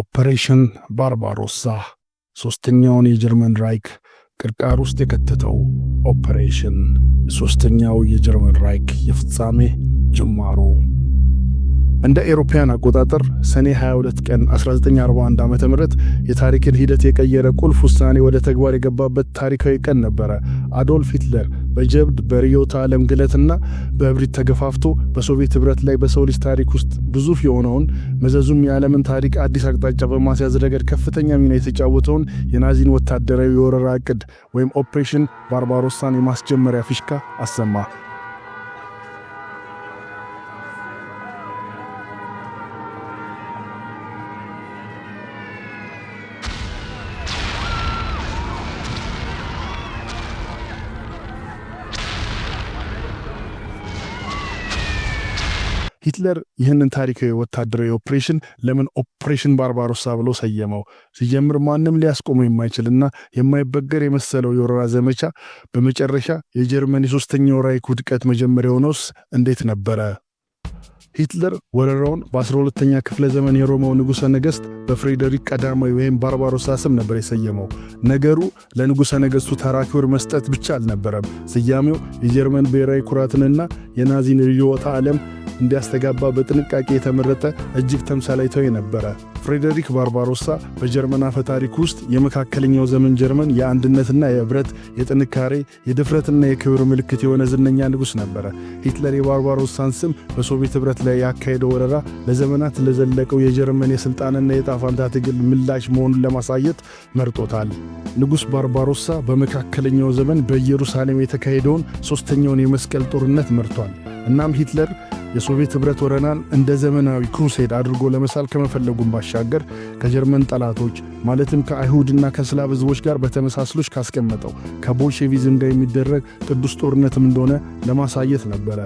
ኦፐሬሽን ባርባሮሳ ሦስተኛውን የጀርመን ራይክ ቅርቃር ውስጥ የከተተው ኦፐሬሽን የሦስተኛው የጀርመን ራይክ የፍጻሜ ጅማሮ እንደ ኤሮፓያን አቆጣጠር ሰኔ 22 ቀን 1941 ዓ ም የታሪክን ሂደት የቀየረ ቁልፍ ውሳኔ ወደ ተግባር የገባበት ታሪካዊ ቀን ነበረ። አዶልፍ ሂትለር በጀብድ በርዕዮተ ዓለም ግለትና በእብሪት ተገፋፍቶ በሶቪየት ኅብረት ላይ በሰው ልጅ ታሪክ ውስጥ ግዙፍ የሆነውን መዘዙም የዓለምን ታሪክ አዲስ አቅጣጫ በማስያዝ ረገድ ከፍተኛ ሚና የተጫወተውን የናዚን ወታደራዊ የወረራ ዕቅድ ወይም ኦፕሬሽን ባርባሮሳን የማስጀመሪያ ፊሽካ አሰማ። ሂትለር ይህንን ታሪካዊ ወታደራዊ ኦፕሬሽን ለምን ኦፕሬሽን ባርባሮሳ ብሎ ሰየመው? ሲጀምር ማንም ሊያስቆሙ የማይችልና የማይበገር የመሰለው የወረራ ዘመቻ በመጨረሻ የጀርመን የሶስተኛው ራይክ ውድቀት መጀመሪያ ሆኖስ እንዴት ነበረ? ሂትለር ወረራውን በ12ተኛ ክፍለ ዘመን የሮማው ንጉሠ ነገሥት በፍሬደሪክ ቀዳማዊ ወይም ባርባሮሳ ስም ነበር የሰየመው። ነገሩ ለንጉሠ ነገሥቱ ተራ ክብር መስጠት ብቻ አልነበረም። ስያሜው የጀርመን ብሔራዊ ኩራትንና የናዚን ርዕዮተ ዓለም እንዲያስተጋባ በጥንቃቄ የተመረጠ እጅግ ተምሳሌታዊ ነበረ። ፍሬደሪክ ባርባሮሳ በጀርመን አፈ ታሪክ ውስጥ የመካከለኛው ዘመን ጀርመን የአንድነትና የህብረት የጥንካሬ፣ የድፍረትና የክብር ምልክት የሆነ ዝነኛ ንጉሥ ነበረ። ሂትለር የባርባሮሳን ስም በሶቪየት ኅብረት ላይ ያካሄደው ወረራ ለዘመናት ለዘለቀው የጀርመን የሥልጣንና የጣፋንታ ትግል ምላሽ መሆኑን ለማሳየት መርጦታል። ንጉሥ ባርባሮሳ በመካከለኛው ዘመን በኢየሩሳሌም የተካሄደውን ሦስተኛውን የመስቀል ጦርነት መርቷል። እናም ሂትለር የሶቪየት ኅብረት ወረናን እንደ ዘመናዊ ክሩሴድ አድርጎ ለመሳል ከመፈለጉም ባሻገር ከጀርመን ጠላቶች ማለትም ከአይሁድና ከስላብ ሕዝቦች ጋር በተመሳስሎች ካስቀመጠው ከቦልሼቪዝም ጋር የሚደረግ ቅዱስ ጦርነትም እንደሆነ ለማሳየት ነበረ።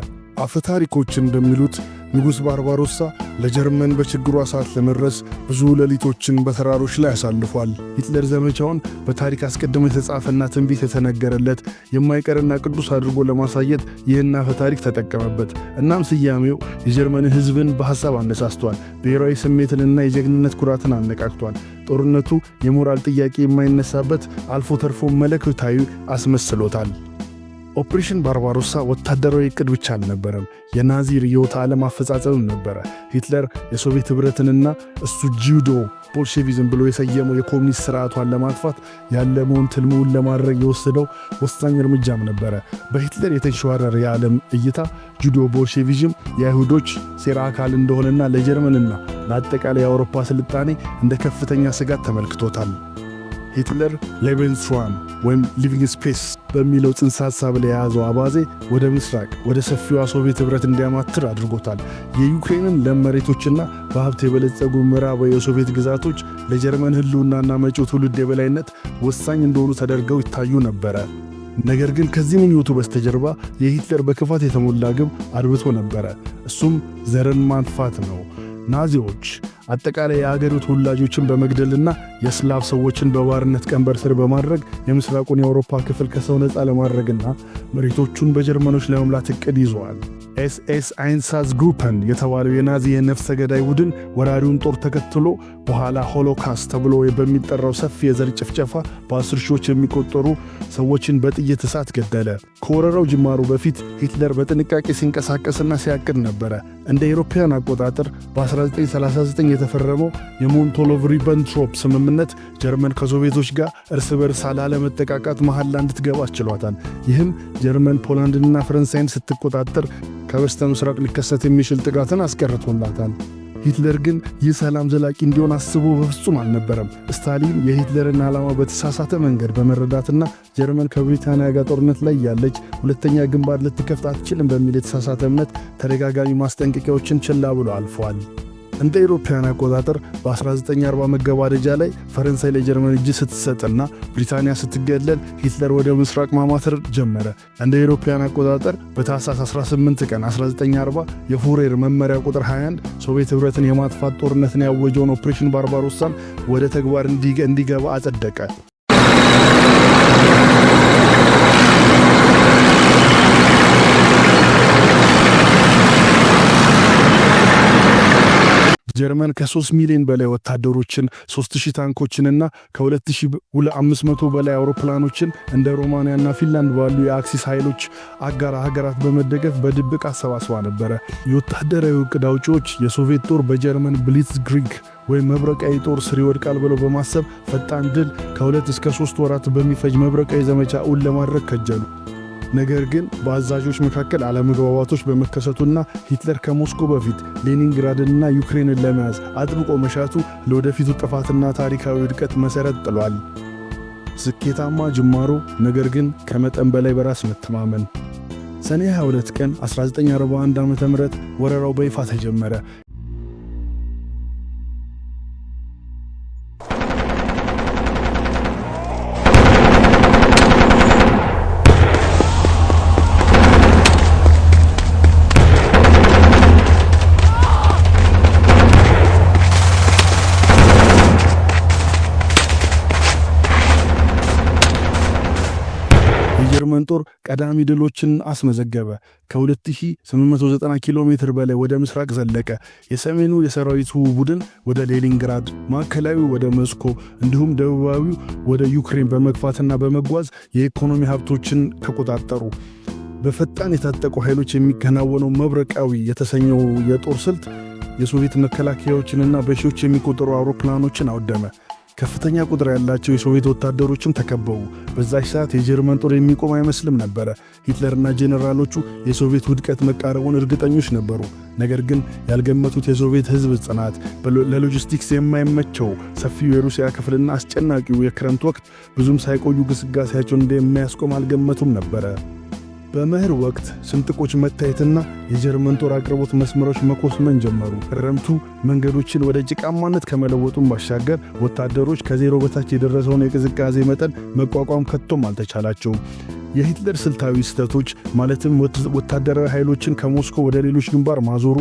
አፈ ታሪኮች እንደሚሉት ንጉሥ ባርባሮሳ ለጀርመን በችግሯ ሰዓት ለመድረስ ብዙ ሌሊቶችን በተራሮች ላይ አሳልፏል። ሂትለር ዘመቻውን በታሪክ አስቀድሞ የተጻፈና ትንቢት የተነገረለት የማይቀርና ቅዱስ አድርጎ ለማሳየት ይህን አፈ ታሪክ ተጠቀመበት። እናም ስያሜው የጀርመን ሕዝብን በሐሳብ አነሳስቷል፣ ብሔራዊ ስሜትንና የጀግንነት ኩራትን አነቃቅቷል። ጦርነቱ የሞራል ጥያቄ የማይነሳበት አልፎ ተርፎ መለኮታዊ አስመስሎታል። ኦፕሬሽን ባርባሮሳ ወታደራዊ እቅድ ብቻ አልነበረም፣ የናዚ ርዕዮተ ዓለም አፈጻጸምም ነበረ። ሂትለር የሶቪየት ኅብረትንና እሱ ጁዶ ቦልሼቪዝም ብሎ የሰየመው የኮሚኒስት ስርዓቷን ለማጥፋት ያለመውን ትልሙውን ለማድረግ የወሰደው ወሳኝ እርምጃም ነበረ። በሂትለር የተንሸዋረረ የዓለም እይታ ጁዶ ቦልሼቪዝም የአይሁዶች ሴራ አካል እንደሆነና ለጀርመንና ለአጠቃላይ የአውሮፓ ስልጣኔ እንደ ከፍተኛ ስጋት ተመልክቶታል። ሂትለር ሌቤንስዋም ወይም ሊቪንግ ስፔስ በሚለው ጽንሰ ሐሳብ ላይ የያዘው አባዜ ወደ ምስራቅ ወደ ሰፊዋ ሶቪየት ኅብረት እንዲያማትር አድርጎታል። የዩክሬንን ለም መሬቶችና በሀብት የበለጸጉ ምዕራባዊ የሶቪየት ግዛቶች ለጀርመን ሕልውናና መጪው ትውልድ የበላይነት ወሳኝ እንደሆኑ ተደርገው ይታዩ ነበረ። ነገር ግን ከዚህ ምኞቱ በስተጀርባ የሂትለር በክፋት የተሞላ ግብ አድብቶ ነበረ። እሱም ዘርን ማጥፋት ነው። ናዚዎች አጠቃላይ የአገሩ ተወላጆችን በመግደልና የስላቭ ሰዎችን በባርነት ቀንበር ስር በማድረግ የምስራቁን የአውሮፓ ክፍል ከሰው ነፃ ለማድረግና መሬቶቹን በጀርመኖች ለመምላት እቅድ ይዘዋል። ኤስኤስ አይንሳዝ ግሩፐን የተባለው የናዚ የነፍሰ ገዳይ ቡድን ወራሪውን ጦር ተከትሎ በኋላ ሆሎካስት ተብሎ በሚጠራው ሰፊ የዘር ጭፍጨፋ በአስር ሺዎች የሚቆጠሩ ሰዎችን በጥይት እሳት ገደለ። ከወረራው ጅማሩ በፊት ሂትለር በጥንቃቄ ሲንቀሳቀስና ሲያቅድ ነበረ። እንደ ኤሮፓያን አቆጣጠር በ1939 የተፈረመው የሞንቶሎቭ ሪበንትሮፕ ስምምነት ጀርመን ከሶቪየቶች ጋር እርስ በርስ አላለመጠቃቃት መሐላ እንድትገባ አስችሏታል። ይህም ጀርመን ፖላንድንና ፈረንሳይን ስትቆጣጠር ከበስተ ምስራቅ ሊከሰት የሚችል ጥቃትን አስቀርቶላታል። ሂትለር ግን ይህ ሰላም ዘላቂ እንዲሆን አስቦ በፍጹም አልነበረም። ስታሊን የሂትለርን ዓላማ በተሳሳተ መንገድ በመረዳትና ጀርመን ከብሪታንያ ጋር ጦርነት ላይ ያለች ሁለተኛ ግንባር ልትከፍት አትችልም በሚል የተሳሳተ እምነት ተደጋጋሚ ማስጠንቀቂያዎችን ችላ ብሎ አልፏል። እንደ ኤሮፓውያን አቆጣጠር በ1940 መገባደጃ ላይ ፈረንሳይ ለጀርመን እጅ ስትሰጥና ብሪታንያ ስትገለል ሂትለር ወደ ምስራቅ ማማተር ጀመረ። እንደ ኤሮፓውያን አቆጣጠር በታህሳስ 18 ቀን 1940 የፉሬር መመሪያ ቁጥር 21 ሶቪየት ህብረትን የማጥፋት ጦርነትን ያወጀውን ኦፕሬሽን ባርባሮሳን ወደ ተግባር እንዲገባ አጸደቀ። ጀርመን ከ3 ሚሊዮን በላይ ወታደሮችን 3000 ታንኮችንና ከ2500 በላይ አውሮፕላኖችን እንደ ሮማንያና ፊንላንድ ባሉ የአክሲስ ኃይሎች አጋር ሀገራት በመደገፍ በድብቅ አሰባስባ ነበረ። የወታደራዊ ውቅድ አውጪዎች የሶቪየት ጦር በጀርመን ብሊትስ ግሪግ ወይም መብረቃዊ ጦር ስር ይወድቃል ብለው በማሰብ ፈጣን ድል ከ2 እስከ 3 ወራት በሚፈጅ መብረቃዊ ዘመቻ እውን ለማድረግ ከጀሉ። ነገር ግን በአዛዦች መካከል አለመግባባቶች በመከሰቱና ሂትለር ከሞስኮ በፊት ሌኒንግራድንና ዩክሬንን ለመያዝ አጥብቆ መሻቱ ለወደፊቱ ጥፋትና ታሪካዊ ውድቀት መሠረት ጥሏል። ስኬታማ ጅማሮ፣ ነገር ግን ከመጠን በላይ በራስ መተማመን። ሰኔ 22 ቀን 1941 ዓ.ም ወረራው በይፋ ተጀመረ። ጦር ቀዳሚ ድሎችን አስመዘገበ። ከ2890 ኪሎ ሜትር በላይ ወደ ምስራቅ ዘለቀ። የሰሜኑ የሰራዊቱ ቡድን ወደ ሌኒንግራድ፣ ማዕከላዊው ወደ ሞስኮ እንዲሁም ደቡባዊው ወደ ዩክሬን በመግፋትና በመጓዝ የኢኮኖሚ ሀብቶችን ተቆጣጠሩ። በፈጣን የታጠቁ ኃይሎች የሚከናወነው መብረቃዊ የተሰኘው የጦር ስልት የሶቪየት መከላከያዎችንና በሺዎች የሚቆጠሩ አውሮፕላኖችን አወደመ። ከፍተኛ ቁጥር ያላቸው የሶቪየት ወታደሮችም ተከበቡ። በዛች ሰዓት የጀርመን ጦር የሚቆም አይመስልም ነበረ። ሂትለርና ጄኔራሎቹ የሶቪየት ውድቀት መቃረቡን እርግጠኞች ነበሩ። ነገር ግን ያልገመቱት የሶቪየት ሕዝብ ጽናት፣ ለሎጂስቲክስ የማይመቸው ሰፊው የሩሲያ ክፍልና አስጨናቂው የክረምት ወቅት ብዙም ሳይቆዩ ግስጋሴያቸውን እንደሚያስቆም አልገመቱም ነበረ። በመኸር ወቅት ስንጥቆች መታየትና የጀርመን ጦር አቅርቦት መስመሮች መኮስመን ጀመሩ። ክረምቱ መንገዶችን ወደ ጭቃማነት ከመለወጡም ባሻገር ወታደሮች ከዜሮ በታች የደረሰውን የቅዝቃዜ መጠን መቋቋም ከቶም አልተቻላቸውም። የሂትለር ስልታዊ ስህተቶች ማለትም ወታደራዊ ኃይሎችን ከሞስኮ ወደ ሌሎች ግንባር ማዞሩ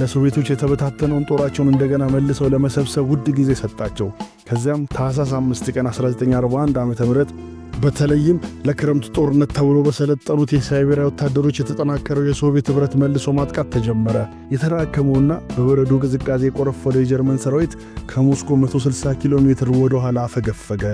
ለሶቪየቶች የተበታተነውን ጦራቸውን እንደገና መልሰው ለመሰብሰብ ውድ ጊዜ ሰጣቸው። ከዚያም ታህሳስ 5 ቀን 1941 ዓ ም በተለይም ለክረምት ጦርነት ተብሎ በሰለጠኑት የሳይቤሪያ ወታደሮች የተጠናከረው የሶቪየት ኅብረት መልሶ ማጥቃት ተጀመረ። የተዳከመውና በበረዶ ቅዝቃዜ የቆረፈደው የጀርመን ሰራዊት ከሞስኮ 160 ኪሎ ሜትር ወደ ኋላ አፈገፈገ።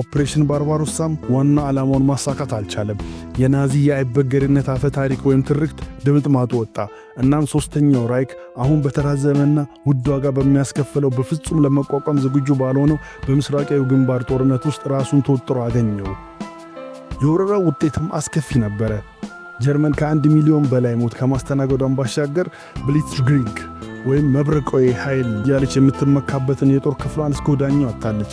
ኦፕሬሽን ባርባሮሳም ዋና ዓላማውን ማሳካት አልቻለም። የናዚ የአይበገሬነት አፈ ታሪክ ወይም ትርክት ድምጥማጡ ወጣ። እናም ሦስተኛው ራይክ አሁን በተራዘመና ውድ ዋጋ በሚያስከፍለው በፍጹም ለመቋቋም ዝግጁ ባልሆነው በምስራቃዊ ግንባር ጦርነት ውስጥ ራሱን ተወጥሮ አገኘው። የወረራው ውጤትም አስከፊ ነበረ። ጀርመን ከአንድ ሚሊዮን በላይ ሞት ከማስተናገዷን ባሻገር ብሊትስክሪግ ወይም መብረቆዊ ኃይል ያለች የምትመካበትን የጦር ክፍሏን እስከ ወዳኛው አጥታለች።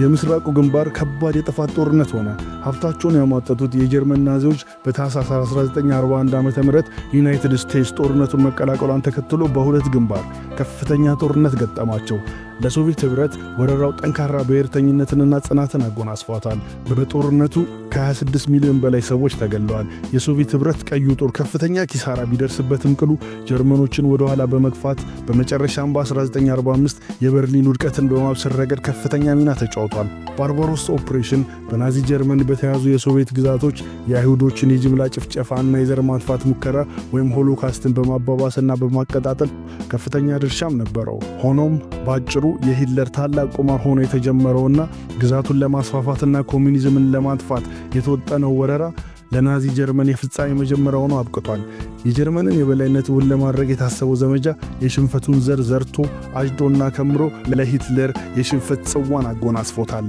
የምስራቁ ግንባር ከባድ የጥፋት ጦርነት ሆነ። ሀብታቸውን ያሟጠቱት የጀርመን ናዚዎች በታህሳስ 1941 ዓ ም ዩናይትድ ስቴትስ ጦርነቱን መቀላቀሏን ተከትሎ በሁለት ግንባር ከፍተኛ ጦርነት ገጠማቸው። ለሶቪየት ኅብረት ወረራው ጠንካራ ብሔርተኝነትንና ጽናትን አጎናጽፏታል። በጦርነቱ ከ26 ሚሊዮን በላይ ሰዎች ተገለዋል። የሶቪየት ኅብረት ቀዩ ጦር ከፍተኛ ኪሳራ ቢደርስበትም ቅሉ ጀርመኖችን ወደኋላ በመግፋት በመጨረሻም በ1945 የበርሊን ውድቀትን በማብሰር ረገድ ከፍተኛ ሚና ተጫውቷል። ባርባሮስ ኦፕሬሽን በናዚ ጀርመን በተያዙ የሶቪየት ግዛቶች የአይሁዶችን የጅምላ ጭፍጨፋና የዘር ማጥፋት ሙከራ ወይም ሆሎካስትን በማባባስና በማቀጣጠል ከፍተኛ ድርሻም ነበረው። ሆኖም በአጭሩ ቁጥጥሩ የሂትለር ታላቅ ቁማር ሆኖ የተጀመረውና ግዛቱን ለማስፋፋትና ኮሚኒዝምን ለማጥፋት የተወጠነው ወረራ ለናዚ ጀርመን የፍጻሜ መጀመሪያ ሆኖ አብቅቷል። የጀርመንን የበላይነት ውን ለማድረግ የታሰበው ዘመጃ የሽንፈቱን ዘር ዘርቶ አጭዶና ከምሮ ለሂትለር የሽንፈት ጽዋን አጎናጽፎታል።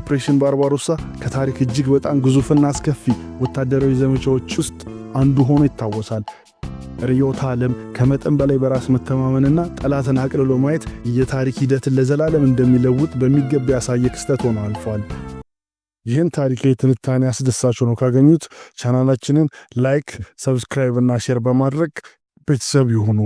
ኦፕሬሽን ባርባሮሳ ከታሪክ እጅግ በጣም ግዙፍና አስከፊ ወታደራዊ ዘመቻዎች ውስጥ አንዱ ሆኖ ይታወሳል። ርዕዮተ ዓለም ከመጠን በላይ በራስ መተማመንና ጠላትን አቅልሎ ማየት የታሪክ ሂደትን ለዘላለም እንደሚለውጥ በሚገባ ያሳየ ክስተት ሆኖ አልፏል። ይህን ታሪካዊ ትንታኔ አስደሳች ሆኖ ካገኙት ቻናላችንን ላይክ፣ ሰብስክራይብ እና ሼር በማድረግ ቤተሰብ ይሁኑ።